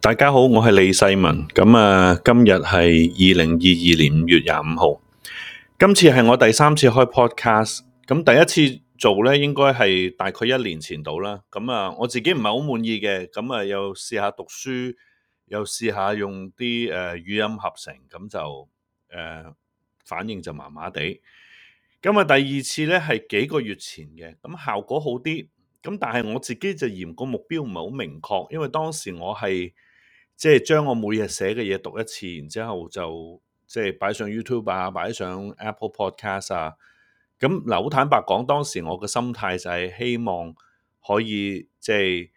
大家好，我係李世民。今日係二零二二年五月廿五號，今次係我第三次開 podcast，咁第一次做呢應該係大概一年前度啦，咁啊，我自己唔係好滿意嘅，咁啊，又試下讀書，又試下用啲誒語音合成，咁就誒反應就麻麻地，咁啊，第二次呢係幾個月前嘅，咁效果好啲，咁但係我自己就嫌個目標唔係好明確，因為當時我係。即係將我每日寫嘅嘢讀一次，然之後就即係擺上 YouTube 啊，擺上 Apple Podcast 啊。咁嗱，好坦白講，當時我嘅心態就係希望可以即係、就是、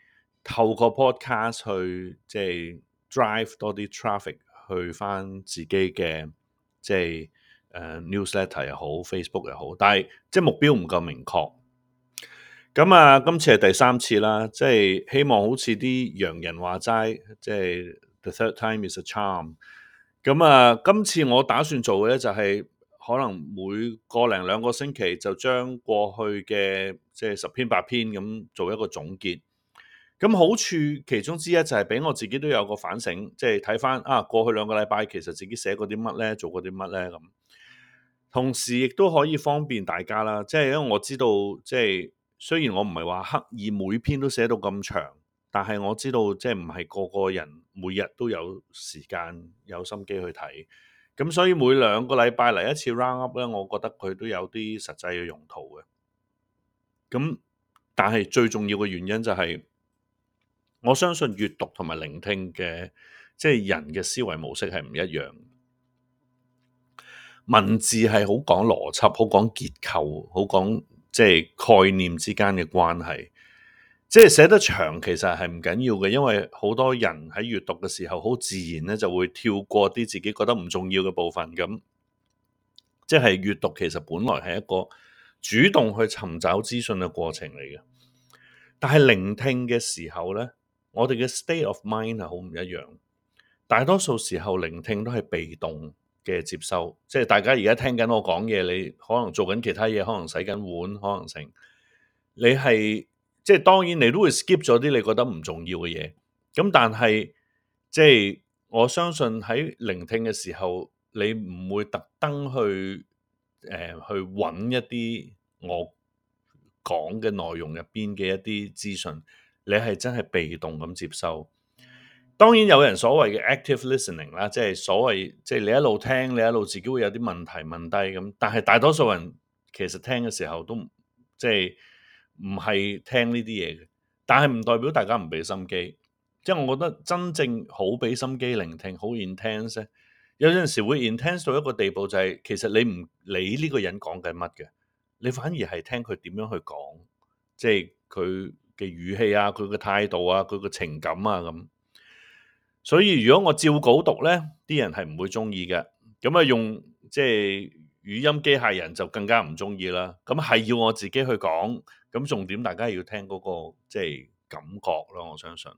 透過 Podcast 去即係、就是、drive 多啲 traffic 去翻自己嘅即係、就、誒、是 uh, newsletter 又好，Facebook 又好，但係即係目標唔夠明確。咁啊，今次係第三次啦，即係希望好似啲洋人話齋，即係 the third time is a charm。咁啊，今次我打算做嘅咧就係可能每個零兩個星期就將過去嘅即係十篇八篇咁做一個總結。咁好處其中之一就係俾我自己都有個反省，即係睇返啊過去兩個禮拜其實自己寫過啲乜咧，做過啲乜咧咁。同時亦都可以方便大家啦，即係因為我知道即係。就是雖然我唔係話刻意每篇都寫到咁長，但係我知道即係唔係個個人每日都有時間有心機去睇，咁所以每兩個禮拜嚟一次 round up 咧，我覺得佢都有啲實際嘅用途嘅。咁但係最重要嘅原因就係，我相信閱讀同埋聆聽嘅即係人嘅思維模式係唔一樣，文字係好講邏輯、好講結構、好講。即係概念之間嘅關係，即係寫得長其實係唔緊要嘅，因為好多人喺閱讀嘅時候好自然呢就會跳過啲自己覺得唔重要嘅部分咁。即係、就是、閱讀其實本來係一個主動去尋找資訊嘅過程嚟嘅，但係聆聽嘅時候呢，我哋嘅 state of mind 係好唔一樣。大多數時候聆聽都係被動。嘅接收，即係大家而家聽緊我講嘢，你可能做緊其他嘢，可能洗緊碗，可能性你係即係當然你都會 skip 咗啲你覺得唔重要嘅嘢，咁但係即係我相信喺聆聽嘅時候，你唔會特登去誒、呃、去揾一啲我講嘅內容入邊嘅一啲資訊，你係真係被動咁接收。當然有人所謂嘅 active listening 啦，即係所謂即係你一路聽，你一路自己會有啲問題問低咁。但係大多數人其實聽嘅時候都即係唔係聽呢啲嘢嘅，但係唔代表大家唔俾心機。即係我覺得真正好俾心機聆聽，好 intense 咧，有陣時會 intense 到一個地步，就係其實你唔理呢個人講緊乜嘅，你反而係聽佢點樣去講，即係佢嘅語氣啊，佢嘅態度啊，佢嘅情感啊咁。所以如果我照稿讀呢啲人係唔會中意嘅。咁啊用即係、就是、語音機械人就更加唔中意啦。咁係要我自己去講。咁重點大家要聽嗰、那個即係、就是、感覺咯。我相信。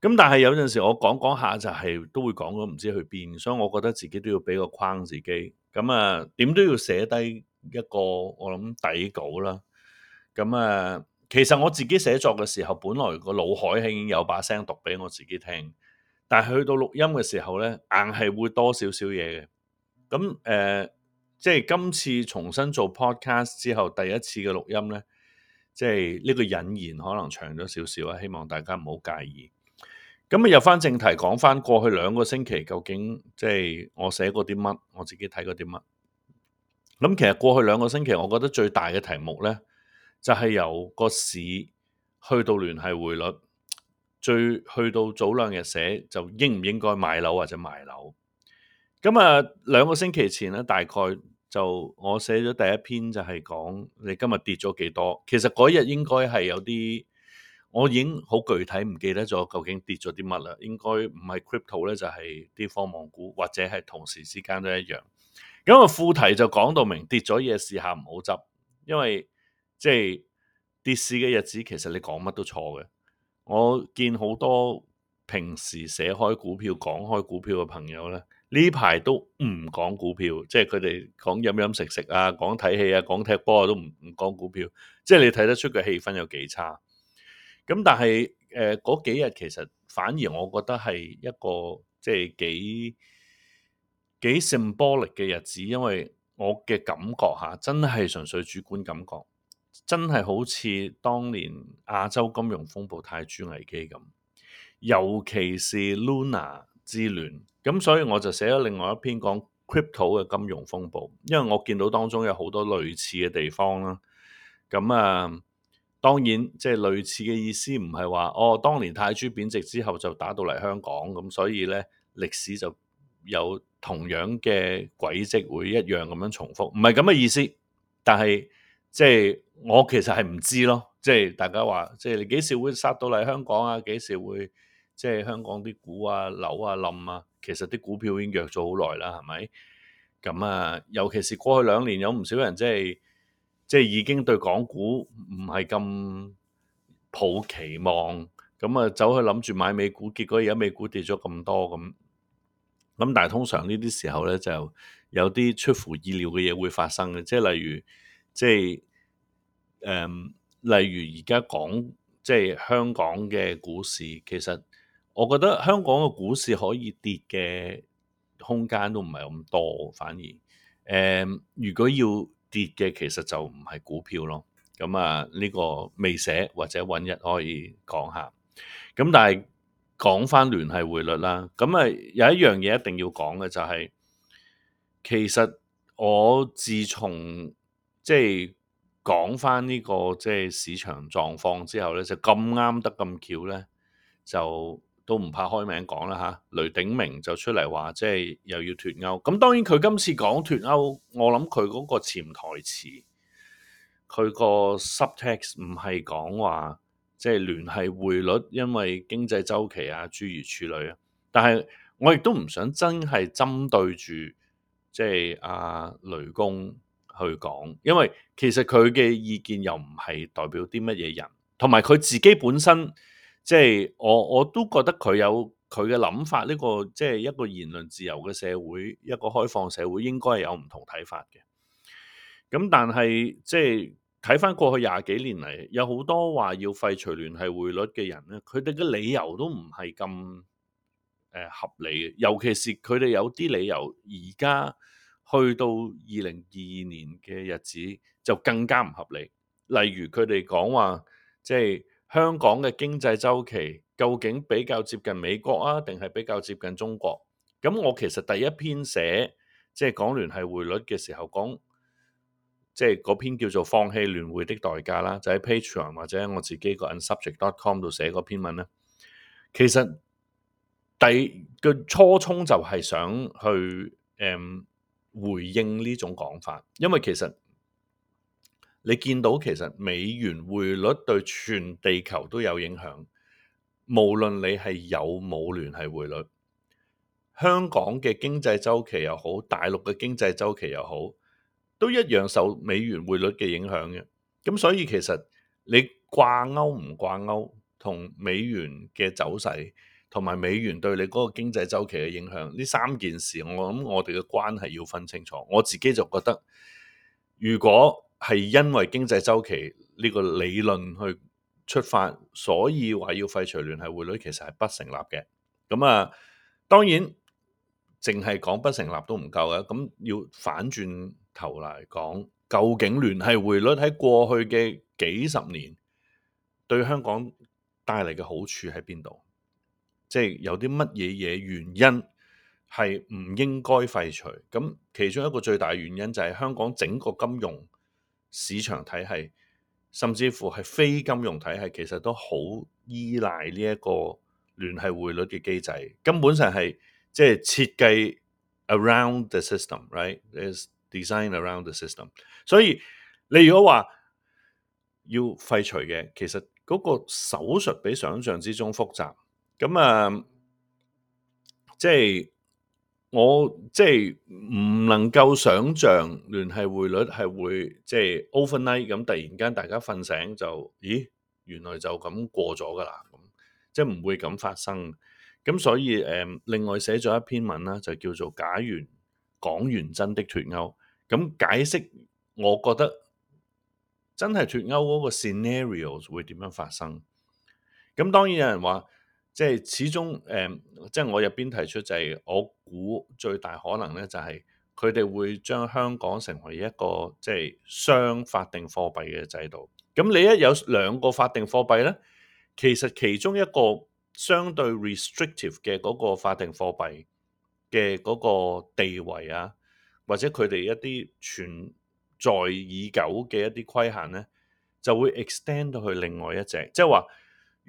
咁但係有陣時我講講下就係、是、都會講到唔知去邊，所以我覺得自己都要俾個框自己。咁啊，點都要寫低一個我諗底稿啦。咁啊。其實我自己寫作嘅時候，本來個腦海係已經有把聲讀俾我自己聽，但係去到錄音嘅時候咧，硬係會多少少嘢嘅。咁誒，即係今次重新做 podcast 之後，第一次嘅錄音呢，即係呢個引言可能長咗少少啊，希望大家唔好介意。咁啊，入翻正題，講翻過去兩個星期究竟即係我寫過啲乜，我自己睇過啲乜。咁其實過去兩個星期，我覺得最大嘅題目呢。就係由個市去到聯繫匯率，最去到早兩日寫就應唔應該買樓或者賣樓。咁啊，兩個星期前咧，大概就我寫咗第一篇，就係講你今日跌咗幾多。其實嗰日應該係有啲，我已經好具體唔記得咗究竟跌咗啲乜啦。應該唔係 crypto 咧，就係啲科網股或者係同時之間都一樣。咁啊，副題就講到明跌咗嘢，試下唔好執，因為。即係跌市嘅日子，其實你講乜都錯嘅。我見好多平時寫開股票、講開股票嘅朋友咧，呢排都唔講股票，即係佢哋講飲飲食食啊，講睇戲啊，講踢波啊，都唔唔講股票。即係你睇得出佢氣氛有幾差。咁但係誒嗰幾日，其實反而我覺得係一個即係幾幾 symbolic 嘅日子，因為我嘅感覺吓，真係純粹主觀感覺。真係好似當年亞洲金融風暴、泰銖危機咁，尤其是 Luna 之亂咁，所以我就寫咗另外一篇講 crypto 嘅金融風暴，因為我見到當中有好多類似嘅地方啦。咁啊，當然即係、就是、類似嘅意思，唔係話哦，當年泰銖貶值之後就打到嚟香港咁，所以呢，歷史就有同樣嘅軌跡會一樣咁樣重複，唔係咁嘅意思，但係。即係我其實係唔知咯，即係大家話，即係你幾時會殺到嚟香港啊？幾時會即係香港啲股啊、樓啊、冧啊？其實啲股票已經弱咗好耐啦，係咪？咁啊，尤其是過去兩年有唔少人即係即係已經對港股唔係咁抱期望，咁啊走去諗住買美股，結果而家美股跌咗咁多咁，咁但係通常呢啲時候咧就有啲出乎意料嘅嘢會發生嘅，即係例如。即係、嗯、例如而家講即係香港嘅股市，其實我覺得香港嘅股市可以跌嘅空間都唔係咁多，反而誒、嗯，如果要跌嘅，其實就唔係股票咯。咁啊，呢、這個未寫或者搵日可以講下。咁但係講返聯繫匯率啦，咁啊有一樣嘢一定要講嘅就係、是，其實我自從。即係講翻呢個即係市場狀況之後呢，就咁啱得咁巧呢就都唔怕開名講啦吓，雷鼎鳴就出嚟話，即係又要脱歐。咁當然佢今次講脱歐，我諗佢嗰個潛台詞，佢個 subtext 唔係講話即係聯繫匯率，因為經濟周期啊諸如此類啊。但係我亦都唔想真係針對住即係阿雷公。去講，因為其實佢嘅意見又唔係代表啲乜嘢人，同埋佢自己本身，即係我我都覺得佢有佢嘅諗法。呢個即係一個言論自由嘅社會，一個開放社會，應該係有唔同睇法嘅。咁但係即係睇翻過去廿幾年嚟，有好多話要廢除聯繫匯率嘅人咧，佢哋嘅理由都唔係咁誒合理嘅，尤其是佢哋有啲理由而家。去到二零二二年嘅日子就更加唔合理。例如佢哋講話，即係香港嘅經濟周期究竟比較接近美國啊，定係比較接近中國？咁我其實第一篇寫即係講聯繫匯率嘅時候講，即係嗰篇叫做《放棄聯匯的代價》啦，就喺 Patreon 或者我自己個 Unsubject.com 度寫嗰篇文啦。其實第個初衷就係想去誒。嗯回應呢種講法，因為其實你見到，其實美元匯率對全地球都有影響，無論你係有冇聯繫匯率，香港嘅經濟周期又好，大陸嘅經濟周期又好，都一樣受美元匯率嘅影響嘅。咁所以其實你掛鈎唔掛鈎，同美元嘅走勢，同埋美元對你嗰個經濟週期嘅影響，呢三件事我諗我哋嘅關係要分清楚。我自己就覺得，如果係因為經濟周期呢個理論去出發，所以話要廢除聯繫匯率，其實，係不成立嘅。咁、嗯、啊，當然淨係講不成立都唔夠嘅，咁、嗯、要反轉頭嚟講，究竟聯繫匯率喺過去嘅幾十年對香港帶嚟嘅好處喺邊度？即係有啲乜嘢嘢原因係唔應該廢除，咁其中一個最大原因就係香港整個金融市場體系，甚至乎係非金融體系，其實都好依賴呢一個聯繫匯率嘅機制，根本上係即係設計 around the system，right? It's designed around the system。所以你如果話要廢除嘅，其實嗰個手術比想象之中複雜。咁啊，即係我即係唔能夠想象聯繫匯率係會即係 overnight 咁突然間大家瞓醒就咦，原來就咁過咗噶啦，咁即係唔會咁發生。咁所以誒、呃，另外寫咗一篇文啦，就叫做《假如港元真的脫鈎》，咁解釋我覺得真係脫鈎嗰個 scenario 會點樣發生。咁當然有人話。即係始終誒，即、呃、係、就係、我入邊提出就係、係，我估最大可能咧就係佢哋會將香港成為一個即係、就係、雙法定貨幣嘅制度。咁你一有兩個法定貨幣咧，其實其中一個相對 restrictive 嘅嗰個法定貨幣嘅嗰個地位啊，或者佢哋一啲存在已久嘅一啲規限咧，就會 extend 到去另外一隻，即係話。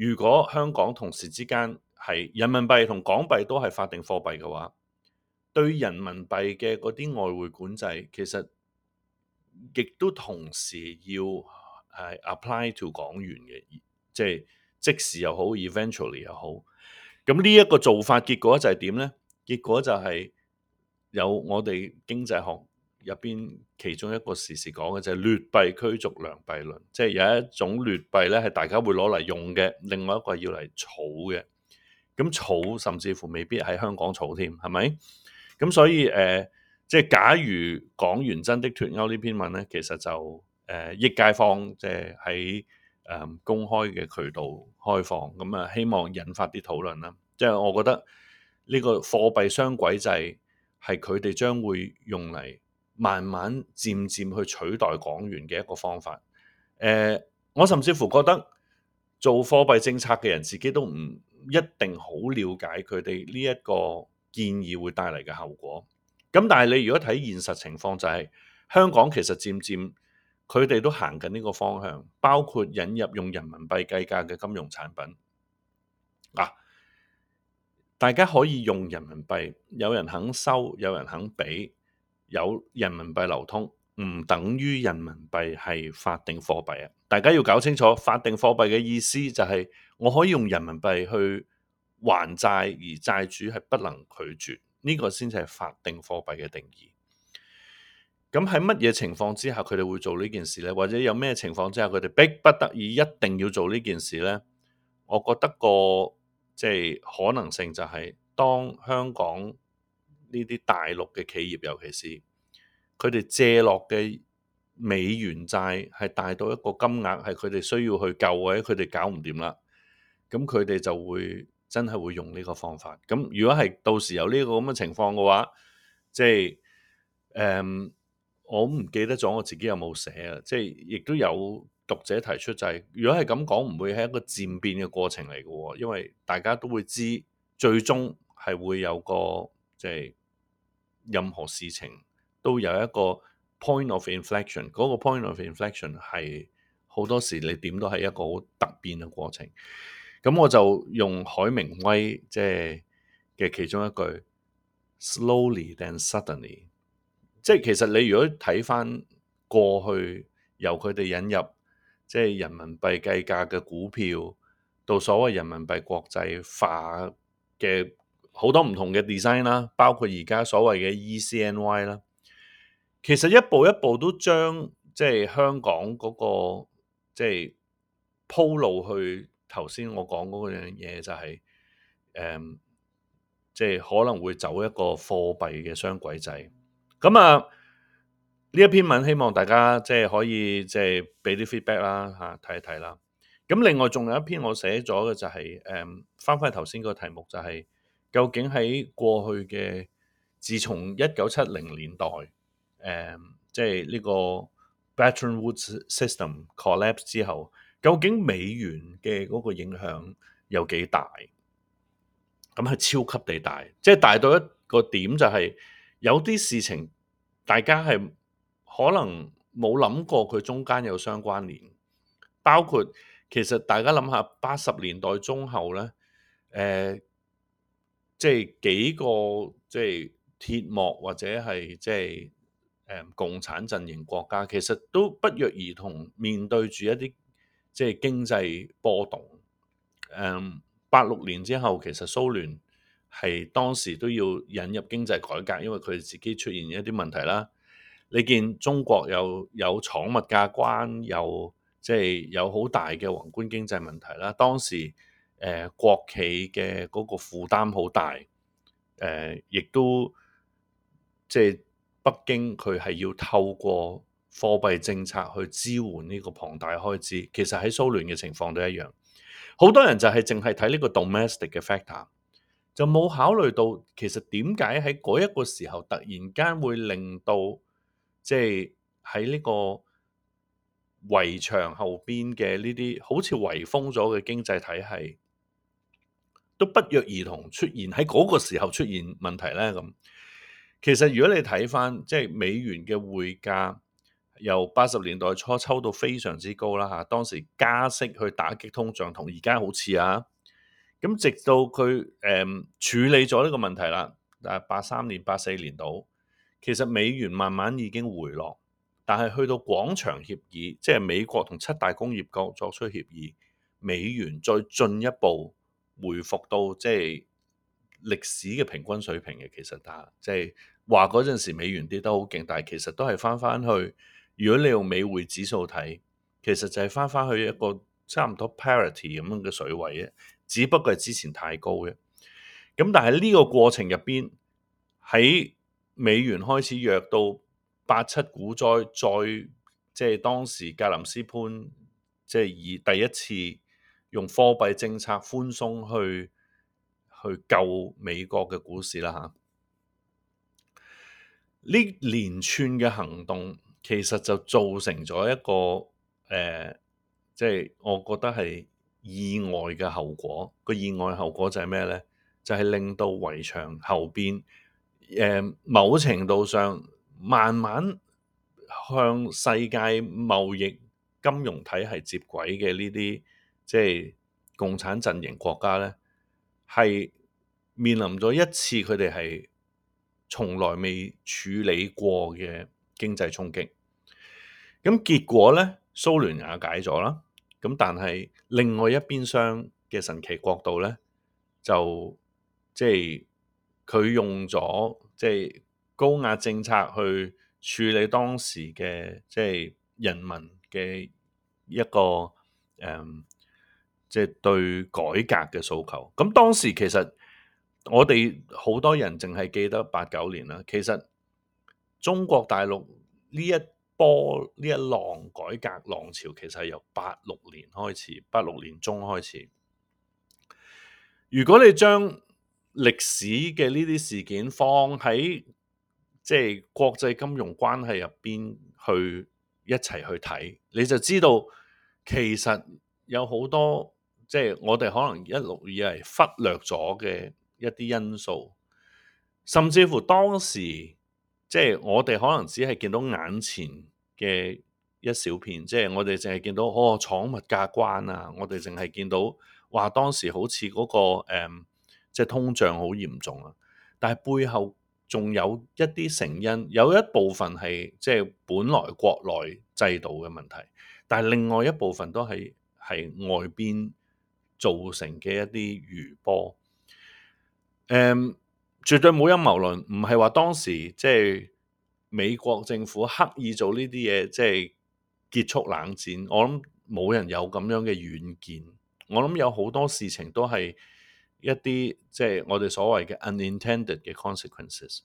如果香港同時之間係人民幣同港幣都係法定貨幣嘅話，對人民幣嘅啲外匯管制其實亦都同時要係 apply to 港元嘅，即係即時又好，eventually 又好。咁呢一個做法結果就係點咧？結果就係有我哋經濟學。入邊其中一個時時講嘅就係劣幣驅逐良幣論，即係有一種劣幣咧，係大家會攞嚟用嘅，另外一個要嚟儲嘅。咁儲甚至乎未必喺香港儲添，係咪？咁所以誒，即係假如講完「真的脫歐呢篇文咧，其實就誒，益街坊即係喺誒公開嘅渠道開放咁啊，希望引發啲討論啦。即係我覺得呢個貨幣雙軌制係佢哋將會用嚟。慢慢、漸漸去取代港元嘅一個方法。呃，我甚至乎覺得做貨幣政策嘅人自己都唔一定好了解佢哋呢一個建議會帶嚟嘅後果。咁但係你如果睇現實情況，就係，就係香港其實漸漸佢哋都行緊呢個方向，包括引入用人民幣計價嘅金融產品。啊，大家可以用人民幣，有人肯收，有人肯俾。有人民幣流通唔等於人民幣係法定貨幣啊！大家要搞清楚法定貨幣嘅意思就係、是、我可以用人民幣去還債，而債主係不能拒絕呢、這個先至係法定貨幣嘅定義。咁喺乜嘢情況之下佢哋會做呢件事呢？或者有咩情況之下佢哋逼不得已一定要做呢件事呢？我覺得個即係、就是、可能性就係當香港。呢啲大陸嘅企業，尤其是佢哋借落嘅美元債，係大到一個金額，係佢哋需要去救或者佢哋搞唔掂啦。咁佢哋就會真係會用呢個方法。咁如果係到時有呢個咁嘅情況嘅話，即係誒，我唔記得咗我自己有冇寫啊。即係亦都有讀者提出就係、是，如果係咁講，唔會係一個漸變嘅過程嚟嘅喎，因為大家都會知，最終係會有個即係。就是任何事情都有一個 point of inflection，嗰個 point of inflection 係好多時你點都係一個好突變嘅過程。咁我就用海明威即係嘅其中一句，slowly then suddenly，即係、就是、其實你如果睇翻過去由佢哋引入即係人民幣計價嘅股票到所謂人民幣國際化嘅。好多唔同嘅 design 啦，包括而家所謂嘅 ECNY 啦，其實一步一步都將即係、就是、香港嗰、那個即係、就是、鋪路去頭先我講嗰樣嘢就係、是，誒、嗯，即、就、係、是、可能會走一個貨幣嘅雙軌制。咁啊，呢一篇文希望大家即係、就是、可以即係、就、俾、是、啲 feedback 啦，吓、啊、睇一睇啦。咁另外仲有一篇我寫咗嘅就係、是，誒、嗯，翻翻頭先個題目就係、是。究竟喺過去嘅自從一九七零年代，誒、嗯，即係呢個 Bretton Woods System collapse 之後，究竟美元嘅嗰個影響有幾大？咁、嗯、係超級地大，即、就、係、是、大到一個點、就是，就係有啲事情，大家係可能冇諗過佢中間有相關聯，包括其實大家諗下八十年代中後咧，誒、嗯。即係幾個即係、就是、鐵幕或者係即係誒共產陣營國家，其實都不約而同面對住一啲即係經濟波動。誒八六年之後，其實蘇聯係當時都要引入經濟改革，因為佢自己出現一啲問題啦。你見中國有有闖物價關，有即係、就是、有好大嘅宏觀經濟問題啦。當時。誒、呃、國企嘅嗰個負擔好大，誒、呃、亦都即係、就是、北京佢係要透過貨幣政策去支援呢個龐大開支。其實喺蘇聯嘅情況都一樣，好多人就係淨係睇呢個 domestic 嘅 factor，就冇考慮到其實點解喺嗰一個時候突然間會令到即係喺呢個圍牆後邊嘅呢啲好似圍封咗嘅經濟體系，都不約而同出現喺嗰個時候出現問題呢。咁其實如果你睇返即係美元嘅匯價，由八十年代初抽到非常之高啦嚇。當時加息去打擊通脹，同而家好似啊。咁直到佢誒、嗯、處理咗呢個問題啦，但係八三年、八四年度，其實美元慢慢已經回落，但係去到廣場協議，即係美國同七大工業國作出協議，美元再進一步，回復到即係歷史嘅平均水平嘅，其實打即係話嗰陣時美元跌得好勁，但係其實都係翻翻去。如果你用美匯指數睇，其實就係翻翻去一個差唔多 parity 咁樣嘅水位啫，只不過係之前太高嘅。咁但係呢個過程入邊，喺美元開始弱到八七股災，再即係當時格林斯潘即係、就是、以第一次。用貨幣政策寬鬆去去救美國嘅股市啦，嚇呢連串嘅行動其實就造成咗一個誒，即、呃、係、就是、我覺得係意外嘅後果。個意外後果就係咩咧？就係、是、令到圍牆後邊誒、呃，某程度上慢慢向世界貿易金融體系接軌嘅呢啲。即係共產陣營國家咧，係面臨咗一次佢哋係從來未處理過嘅經濟衝擊。咁結果咧，蘇聯瓦解咗啦。咁但係另外一邊廂嘅神奇國度咧，就即係佢用咗即係高壓政策去處理當時嘅即係人民嘅一個誒。嗯即係對改革嘅訴求。咁當時其實我哋好多人淨係記得八九年啦。其實中國大陸呢一波呢一浪改革浪潮，其實係由八六年開始，八六年中開始。如果你將歷史嘅呢啲事件放喺即係國際金融關係入邊去一齊去睇，你就知道其實有好多。即係我哋可能一路以嚟忽略咗嘅一啲因素，甚至乎當時即係我哋可能只係見到眼前嘅一小片，即係我哋淨係見到哦，廠物價關啊！我哋淨係見到話當時好似嗰、那個誒、嗯，即係通脹好嚴重啊！但係背後仲有一啲成因，有一部分係即係本來國內制度嘅問題，但係另外一部分都係係外邊。造成嘅一啲餘波，誒、um，絕對冇陰謀論，唔係話當時即係、就是、美國政府刻意做呢啲嘢，即、就、係、是、結束冷戰。我諗冇人有咁樣嘅遠見，我諗有好多事情都係一啲即係我哋所謂嘅 unintended 嘅 consequences。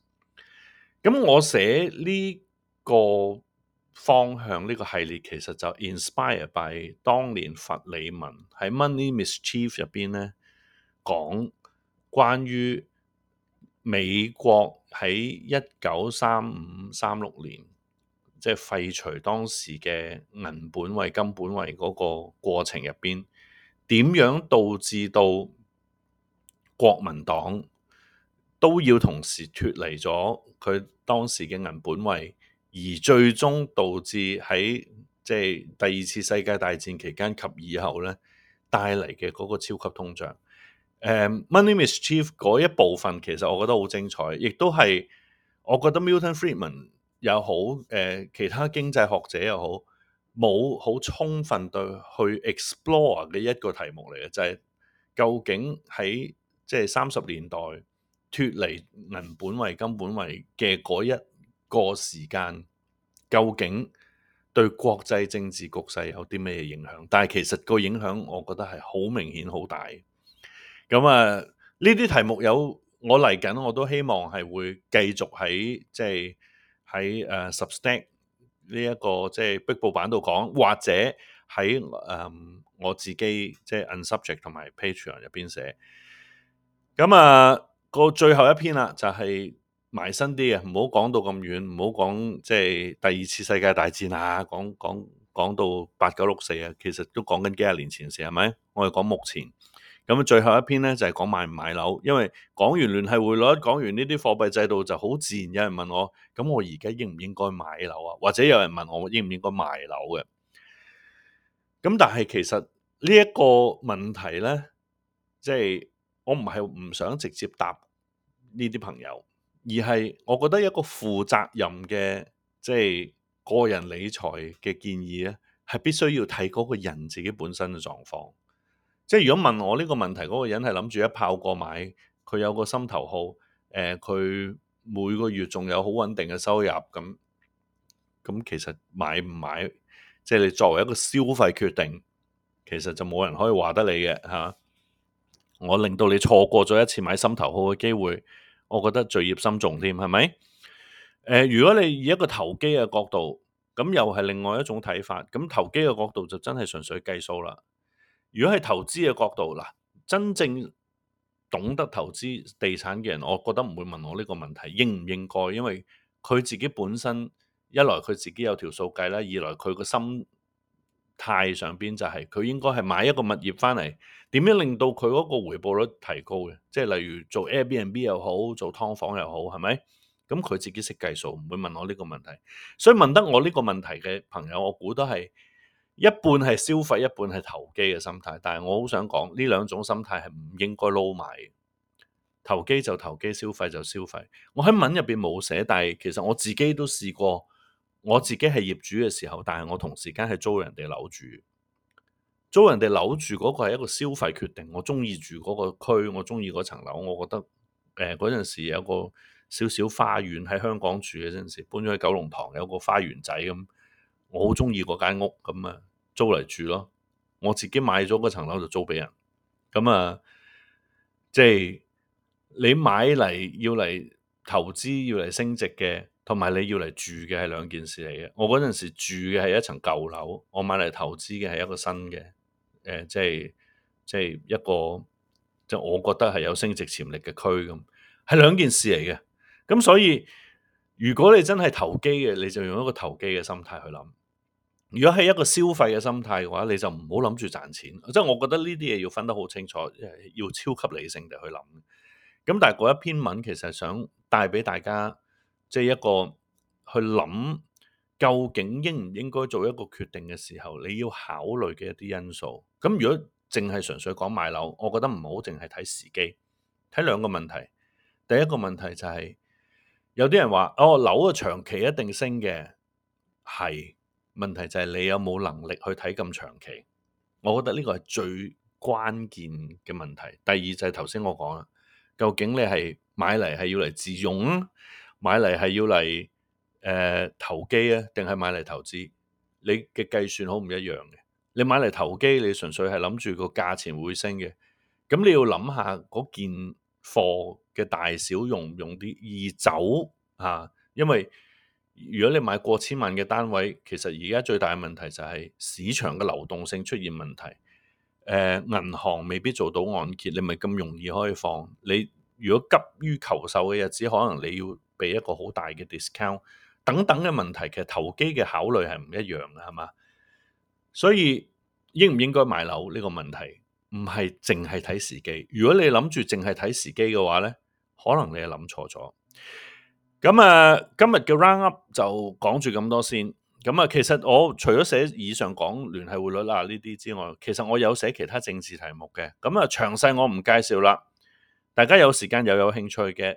咁我寫呢、這個。方向，呢個系列其實就 inspired by 當年佛里文喺 Money Mischief 入邊呢，講關於美國喺一九三五三六年即係、就是、廢除當時嘅銀本位金本位嗰個過程入邊，點樣導致到國民黨都要同時脫離咗佢當時嘅銀本位。而最終導致喺即係第二次世界大戰期間及以後咧，帶嚟嘅嗰個超級通脹。誒、um,，Money Mischief 嗰一部分其實我覺得好精彩，亦都係我覺得 Milton Friedman 又好，誒、呃、其他經濟學者又好，冇好充分對去 explore 嘅一個題目嚟嘅，就係、是、究竟喺即係三十年代脱離銀本位、金本位嘅嗰一個時間究竟對國際政治局勢有啲咩影響？但係其實個影響，我覺得係好明顯、好大。咁、嗯、啊，呢啲題目有我嚟緊，我都希望係會繼續喺即係、就、喺、是、誒、uh, Substack 呢、這、一個即係壁報版度講，或者喺誒、um, 我自己即係 Unsubject 同埋 Patreon 入邊寫。咁、就、啊、是，嗯嗯那個最後一篇啦、啊，就係、是。埋身啲啊，唔好講到咁遠，唔好講即係第二次世界大戰啊，講講講到八九六四啊，其實都講緊幾廿年前嘅事係咪？我哋講目前，咁最後一篇咧就係講買唔買樓，因為講完聯繫匯率，講完呢啲貨幣制度，就好自然有人問我，咁我而家應唔應該買樓啊？或者有人問我應唔應該買樓嘅？咁但係其實呢一個問題咧，即係我唔係唔想直接答呢啲朋友。而係，我覺得一個負責任嘅即係個人理財嘅建議咧，係必須要睇嗰個人自己本身嘅狀況。即係如果問我呢個問題，嗰個人係諗住一炮過買，佢有個心頭號，誒，佢每個月仲有好穩定嘅收入，咁咁其實買唔買，即係你作為一個消費決定，其實就冇人可以話得你嘅嚇。我令到你錯過咗一次買心頭號嘅機會。我覺得罪孽深重添，係咪？誒、呃，如果你以一個投機嘅角度，咁又係另外一種睇法。咁投機嘅角度就真係純粹計數啦。如果係投資嘅角度，嗱，真正懂得投資地產嘅人，我覺得唔會問我呢個問題應唔應該，因為佢自己本身一來佢自己有條數計啦，二來佢個心。太上邊就係佢應該係買一個物業翻嚟，點樣令到佢嗰個回報率提高嘅？即係例如做 Airbnb 又好，做劏房又好，係咪？咁佢自己識計數，唔會問我呢個問題。所以問得我呢個問題嘅朋友，我估得係一半係消費，一半係投機嘅心態。但係我好想講，呢兩種心態係唔應該撈埋。投機就投機，消費就消費。我喺文入邊冇寫，但係其實我自己都試過。我自己係業主嘅時候，但係我同時間係租人哋樓住，租人哋樓住嗰個係一個消費決定。我鍾意住嗰個區，我鍾意嗰層樓，我覺得誒嗰陣時有個少少花園喺香港住嘅陣時，搬咗去九龍塘有個花園仔咁，我好鍾意嗰間屋咁啊，租嚟住咯。我自己買咗嗰層樓就租畀人，咁啊，即係你買嚟要嚟投資要嚟升值嘅。同埋你要嚟住嘅係兩件事嚟嘅，我嗰陣時住嘅係一層舊樓，我買嚟投資嘅係一個新嘅，誒、呃，即係即係一個，即係我覺得係有升值潛力嘅區咁，係兩件事嚟嘅。咁所以如果你真係投機嘅，你就用一個投機嘅心態去諗；如果係一個消費嘅心態嘅話，你就唔好諗住賺錢。即係我覺得呢啲嘢要分得好清楚，要超級理性地去諗。咁但係嗰一篇文其實想帶俾大家。即係一個去諗究竟應唔應該做一個決定嘅時候，你要考慮嘅一啲因素。咁如果淨係純粹講買樓，我覺得唔好淨係睇時機，睇兩個問題。第一個問題就係、是、有啲人話哦，樓嘅長期一定升嘅，係問題就係你有冇能力去睇咁長期？我覺得呢個係最關鍵嘅問題。第二就係頭先我講啦，究竟你係買嚟係要嚟自用？買嚟係要嚟誒、呃、投機啊，定係買嚟投資？你嘅計算好唔一樣嘅。你買嚟投機，你純粹係諗住個價錢會升嘅。咁你要諗下嗰件貨嘅大小容唔容易走啊？因為如果你買過千萬嘅單位，其實而家最大嘅問題就係市場嘅流動性出現問題。誒、呃，銀行未必做到按揭，你咪咁容易可以放。你如果急於求售嘅日子，可能你要。俾一個好大嘅 discount 等等嘅問題，其實投機嘅考慮係唔一樣嘅，係嘛？所以應唔應該買樓呢個問題，唔係淨係睇時機。如果你諗住淨係睇時機嘅話呢，可能你係諗錯咗。咁啊，今日嘅 round up 就講住咁多先。咁啊，其實我除咗寫以上講聯繫匯率啊呢啲之外，其實我有寫其他政治題目嘅。咁啊，詳細我唔介紹啦。大家有時間又有，有興趣嘅。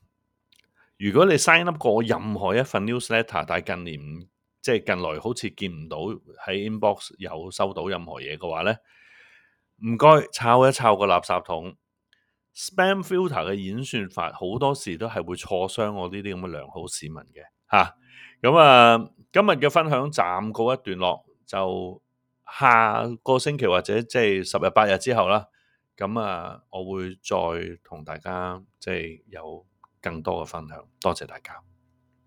如果你 sign up 過我任何一份 newsletter，但係近年即係、就是、近來好似見唔到喺 inbox 有收到任何嘢嘅話咧，唔該，抄一抄個垃圾桶。Spam filter 嘅演算法好多時都係會錯傷我呢啲咁嘅良好市民嘅，吓、啊、咁啊！今日嘅分享暫告一段落，就下個星期或者即係十日八日之後啦，咁啊，我會再同大家即係有。更多嘅分享，多謝大家。